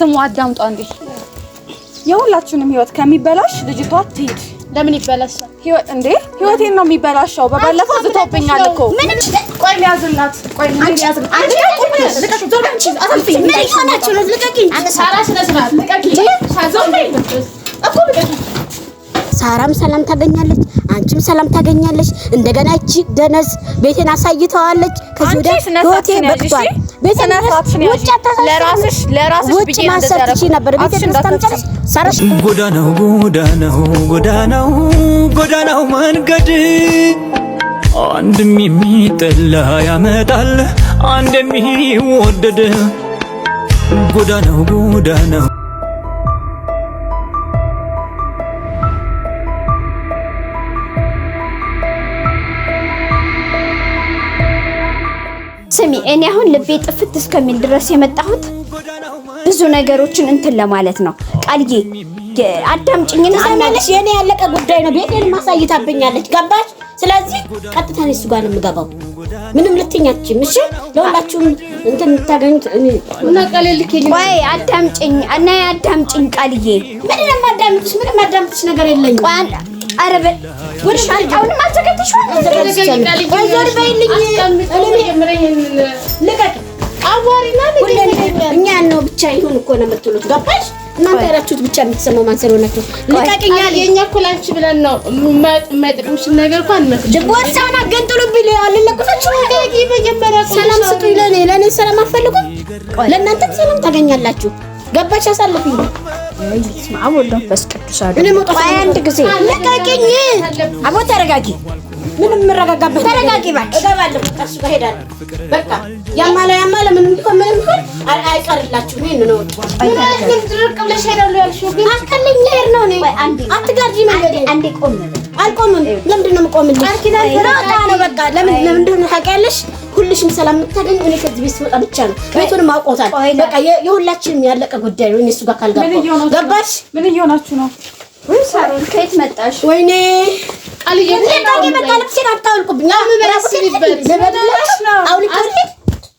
ስሙ አዳምጦ እንዴ የሁላችሁንም ህይወት ከሚበላሽ ልጅቷ ትሄድ። ለምን ይበላሻል? ህይወት እንዴ ህይወቴን ነው የሚበላሻው። በባለፈው ዝቶብኛል እኮ ቆይ ሊያዝላት ሳራም ሰላም ታገኛለች፣ አንቺም ሰላም ታገኛለች። እንደገና እቺ ደነዝ ቤቴን አሳይተዋለች። ከዚህ ወዲያ ህይወቴ በቅቷል። ውጭ ማሰብ ጎዳናው ጎዳናው ጎዳናው ጎዳናው መንገድ አንድም የሚጠላ ያመጣል አንድ የሚወደድ ጎዳናው ጎዳናው ስሚ እኔ አሁን ልቤ ጥፍት እስከሚል ድረስ የመጣሁት ብዙ ነገሮችን እንትን ለማለት ነው። ቃልዬ አዳምጪኝን ሳናለሽ የኔ ያለቀ ጉዳይ ነው። ቤቴን ማሳይታብኛለች። ገባሽ? ስለዚህ ቀጥታ እሱ ጋር ነው የምገባው። ምንም ልትኛችም። እሺ ለሁላችሁም እንትን የምታገኙት እኔ እና ቃልል ከኝ ወይ አዳምጪኝ እና አዳምጪኝ ቃልዬ። ምንም የማዳምጥሽ ምንም የማዳምጥሽ ነገር የለኝም። ቋን አረበ ወደ ሻልታውን ማዘጋጅሽ ወይ ቃልዬ በይልኝ ይሁን እኮ ነው የምትሉት። ገባሽ? እናንተ ያላችሁት ብቻ የምትሰማው ማን ስለሆናችሁ ልቀቅኛ። የኛ እኮ ላንቺ ብለን ነው የማይጠቅምሽን ነገር እንኳን ቦርሳውን አገንጥሉብኝ አልለቁሳችሁ። መጀመሪያ ሰላም ስጡ። ለእኔ ለእኔ ሰላም አፈልጉም፣ ለእናንተም ሰላም ታገኛላችሁ። ገባሽ? አሳልፍኝ አንድ ጊዜ ልቀቅኝ። አቦ ተረጋጊ። ምንም የምረጋጋበት ተረጋጊ። እባክሽ እገባለሁ። በቃ ጋር ሄዳለሁ። በቃ ያማላ ያማላ ምንም ቢሆን ምንም ቢሆን አይቀርላችሁ ነው ነው ድርቅ ብለሽ ሄዳሉ ያልሽው ግን አከለኛ ሄድ ነው ነው አትጋርጂ መንገድ አንዴ ቆም አልቆምም ለምንድን ነው የምቆምልሽ ቃልኪዳን ተራጣ ነው በቃ ለምን ለምን እንደሆነ ታውቂያለሽ ሁልሽም ሰላም የምታገኝ እኔ ከዚህ ቤት ስወጣ ብቻ ነው ቤቱንም አውቆታል በቃ የሁላችንም ያለቀ ጉዳይ ነው እሱ ጋር ካልገባሁ ገባሽ ምን እየሆናችሁ ነው ወይኔ ቃልዬ ልብሴን አታውልቁብኝ አሁን በራሴ ልበላ አውልቃለሁ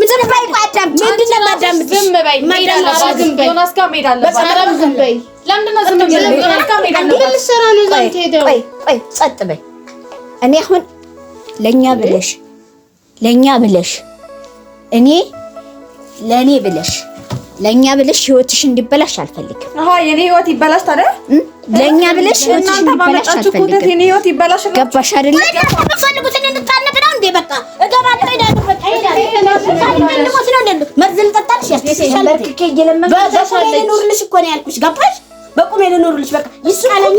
ምንድን ጸጥ በይ። እኔ አሁን ለእኛ ብለሽ ለእኛ ብለሽ እኔ ለእኔ ብለሽ ለእኛ ብለሽ ህይወትሽ እንዲበላሽ አልፈልግም። አሃ ህይወት ይበላሽ ታዲያ? ለእኛ ብለሽ ህይወትሽ እንዲበላሽ አልፈልግም። ገባሽ አይደለ? ያልኩሽ በቁሜ ልኖርልሽ በቃ ይሱ አለኝ።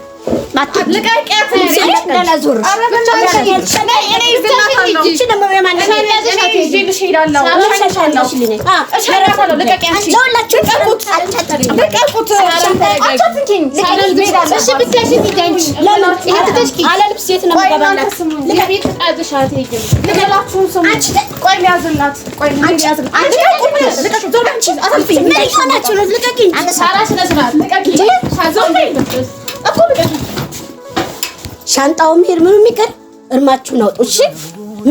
ልቀቂኝ! ሻንጣው ምሄድ ምን የሚቀር እርማችሁን አውጡ። እሺ፣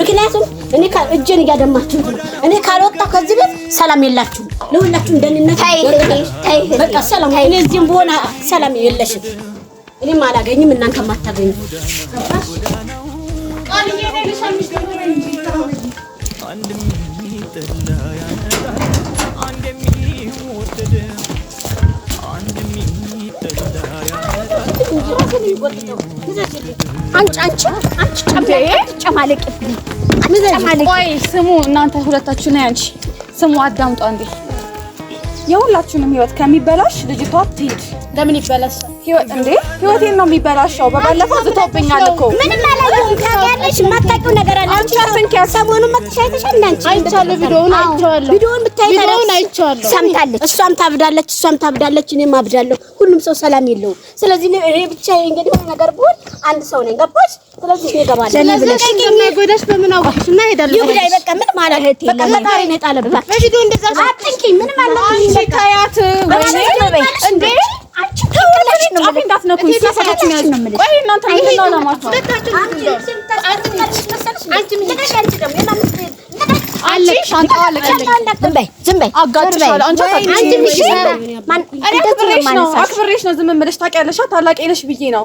ምክንያቱም እኔ ካል እጄን እያደማችሁ እኔ ካልወጣሁ ከዚህ ቤት ሰላም የላችሁም። ለሁላችሁም ደህንነት በቃ ሰላም። እኔ እዚህም በሆነ ሰላም የለሽም። እኔም አላገኝም እናንተም አታገኙ። አንድ የሚጠላ ያነዳል፣ አንድ የሚወደድ ስሙ እናንተ ሁለታችሁ ነው። ያንቺ ስሙ አዳምጧ እንዴ የሁላችሁንም ህይወት ከሚበላሽ ልጅቷ ትሂድ። ለምን ህይወት እንዴ? ህይወቴን ነው የሚበላሸው። በባለፈው ዝቶብኛል እኮ ምንም አላየሁም። ታውቂያለሽ፣ የማታውቂው ነገር አለ። አንቺ አፈንኪያ ሰሞኑን መጥተሽ አይተሻል። አንቺ አይቻለሁ፣ ቪዲዮውን አይቼዋለሁ። ቪዲዮውን ብታይ ቪዲዮውን አይቼዋለሁ። ሰምታለች፣ እሷም ታብዳለች፣ እሷም ታብዳለች፣ እኔም አብዳለሁ። ሁሉም ሰው ሰላም የለውም። ስለዚህ እኔ ብቻዬን እንግዲህ ነገር ብሆን አንድ ሰው ነኝ። ገባሽ? አክብሬሽ ነው ዝም ብለሽ ታውቂያለሽ። ታላቅ ነሽ ብዬ ነው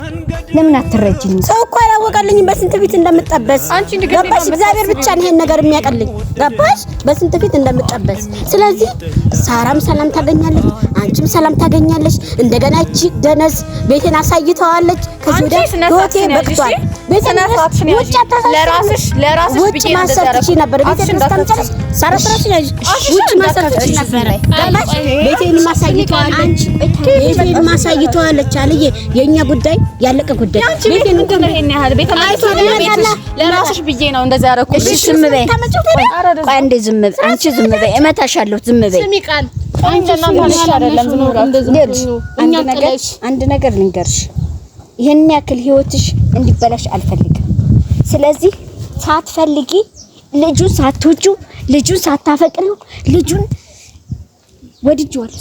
ለምን አትረጅኝ? ሰው እኮ አላወቀልኝም በስንት ፊት እንደምጠበስ ገባሽ? እግዚአብሔር ብቻ ነው ይሄን ነገር የሚያቀልኝ ገባሽ? በስንት ፊት እንደምጠበስ። ስለዚህ ሳራም ሰላም ታገኛለች አንቺም ሰላም ታገኛለች። እንደገና እቺ ደነዝ ቤቴን አሳይተዋለች። ከዚህ ወደ ህይወቴ በቅቷል። ቤቴን ውጭ ለራስሽ ለራስሽ ማሰብ ነበር። ቤቴን ስታምጨርሽ ሰራሽ ራስሽ ነበር። ቤቴን ቤቴን ማሳይተዋለች። የኛ ጉዳይ ያለቀ ጉዳይ ቤቴን ይሄን ያህል ቤቴን ለራስሽ ብዬ ነው እንደዛ ያደረኩት። እሺ ዝም በይ። ዝም በይ። አንቺ ዝም በይ። እመታሻለሁ። ዝም በይ። አንድ ነገር ልንገርሽ፣ ይህን ያክል ህይወትሽ እንዲበላሽ አልፈልግም። ስለዚህ ሳትፈልጊ ልጁን ሳትወጁ ልጁን ሳታፈቅሪው ልጁን ወድጄዋለሁ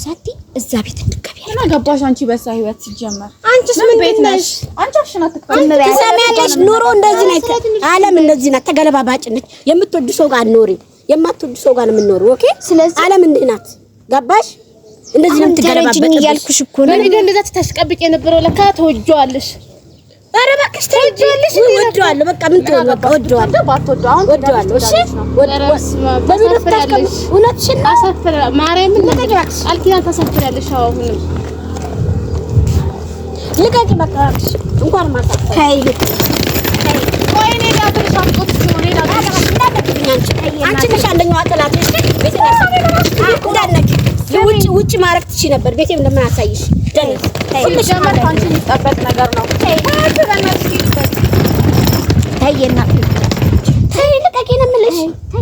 እዛ ቤት እንድትገቢ እና ገባሽ። አንቺ ህይወት ሲጀመር አንቺስ ምን ቤት ነሽ? አንቺ አሽና ኑሮ እንደዚህ ዓለም እንደዚህ ናት፣ ተገለባባጭ ነች። ሰው ጋር ሰው ጋር ነው ኦኬ። ስለዚህ ዓለም እንዲህ ናት። ገባሽ? እንደዚህ ነው የምትገለባበጥ እያልኩሽ እኮ ነው። እኔ እንደዛ ታሽቀብጭ የነበረው ለካ ተወጂዋለሽ። ኧረ እባክሽ ተወጂዋለሽ። እወደዋለሁ። በቃ ምን ትሆን በቃ እወደዋለሁ። እሺ ልቀቂ በቃ እንኳን ማታ ታይ ልቀቂ። ቆይ እኔ ሲሆን ዳብር አንቺ ነሽ አንደኛዋ ጠላት ነሽ። ውጭ ውጭ ማድረግ ትችይ ነበር። ቤቴም ለምን አሳይሽ? አንቺ የሚጠበቅ ነገር ነው። ተይ የእናትሽ ተይ፣ ልቀቂ ነው የምልሽ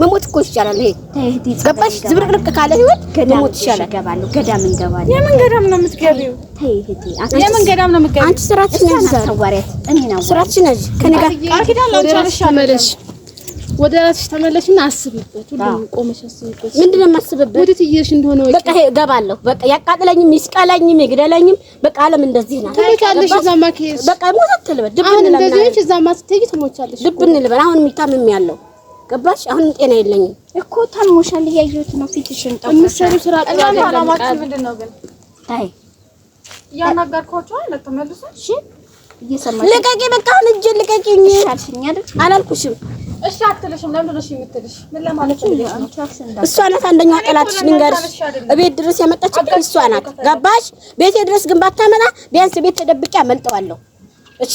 መሞት እኮ ይሻላል። ይሄ ገባሽ? ዝብርቅርቅ ካለ ህይወት መሞት ይሻላል። ገባለሁ ገዳም እንገባለን። የምን ገዳም ነው የምትገቢው? የምን ገዳም ነው የምትገቢው? አንቺ ስራችን ነው ተዋሪያት እኔ ነው ስራችን ያዝ ከኔ ጋር ቃል ኪዳን ተመለሽ፣ ወደ ራስሽ ተመለሽና አስብበት። ሁሉም ቆመሽ አስብበት። ምንድን ነው የማስብበት? ወዴት እየሄድሽ እንደሆነ በቃ ይሄ ገባለሁ። በቃ ያቃጥለኝም፣ ይስቀለኝም፣ ይግደለኝም። በቃ አለም እንደዚህ ናት። ትሞቻለሽ። እዛማ ከሄድሽ በቃ ሞት አትልበት። ድብን እንልበል። አሁን እንደዚህ ሆንሽ፣ እዛማ ስትሄጂ ትሞቻለሽ። ድብን ልበል። አሁን የሚታምም ያለው ገባሽ? አሁንም ጤና የለኝም እኮ ታሞሻል፣ እያየሁት ነው ፊትሽን። ጠቁ የምትሰሩ ስራ ጥሩ አይደለም። አላማችሁ ምንድን ነው ግን? ታይ እያናገርኳቸው አይደል? ተመልሶ እሺ፣ እየሰማሽ ልቀቂ፣ በቃ አሁን እጄ ልቀቂኝ አልሽኝ አይደል? አላልኩሽም? እሺ አትልሽም። ለምን እሺ የምትልሽ ምን ለማለት ነው? እሷ ናት አንደኛ ጠላትሽ። ልንገርሽ፣ እቤት ድረስ ያመጣችብኝ እሷ ናት። ገባሽ? ቤቴ ድረስ ግን ባታመጣ ቢያንስ ቤት ተደብቄ አመልጠዋለሁ። እሺ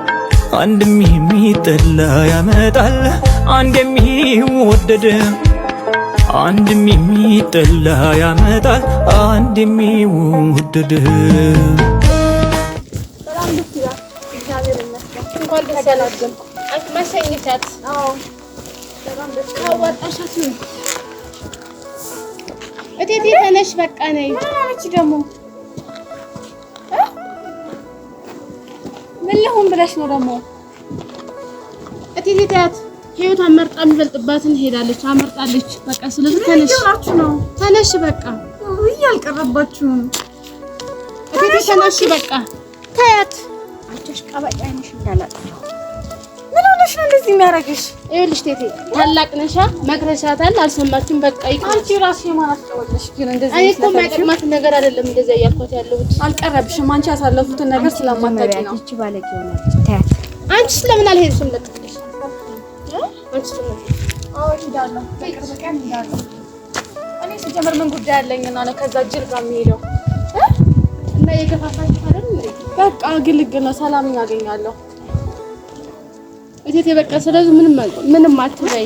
አንድ የሚጠላ ያመጣል አንድ የሚወደድ አንድ የሚጠላ ያመጣል አንድ የሚወደድ እቴቴ ተነሽ፣ በቃ ነይ ደግሞ ሆን ብለሽ ነው ደግሞ እቴቴ ተያት። ህይወት አመርጣ የሚበልጥባትን ሄዳለች፣ አመርጣለች። በቃ ስለዚህ ተነሽ ነው ተነሽ። በቃ እያልቀረባችሁ ነው። እቴቴ ተነሽ። በቃ ተያት። አንቺ አሽቃባጭ አይንሽ እንዳላጥፋው ብለሽ ነው እንደዚህ የሚያደርግሽ? ይኸውልሽ ቴቴ ታላቅ ነሻ፣ መክረሻታል፣ አልሰማችሁም? በቃ ይቅር። አንቺ ራስሽ የማን ግን እንደዚህ እኔ እኮ የማይጠቅማት ነገር አይደለም እንደዚያ እያልኳት ያለሁት። አልቀረብሽም። አንቺ ያሳለፉትን ነገር ስለማታውቂ ነው። እቺ ባለጌ ሆናለች። ታያት። አንቺስ ለምን አልሄድሽም? ለጥቅሽ አንቺ ለምን አዎ፣ እሄዳለሁ። በቅርብ ቀን እሄዳለሁ። እኔ ሲጀመር ምን ጉዳይ አለኝና ነው ከዛ ጅል ጋር የሚሄደው እና የገፋፋችሁ አይደል? በቃ ግልግል ነው። ሰላም እናገኛለሁ እቴቴ በቃ ስለዚህ ምንም ምንም አትበይ።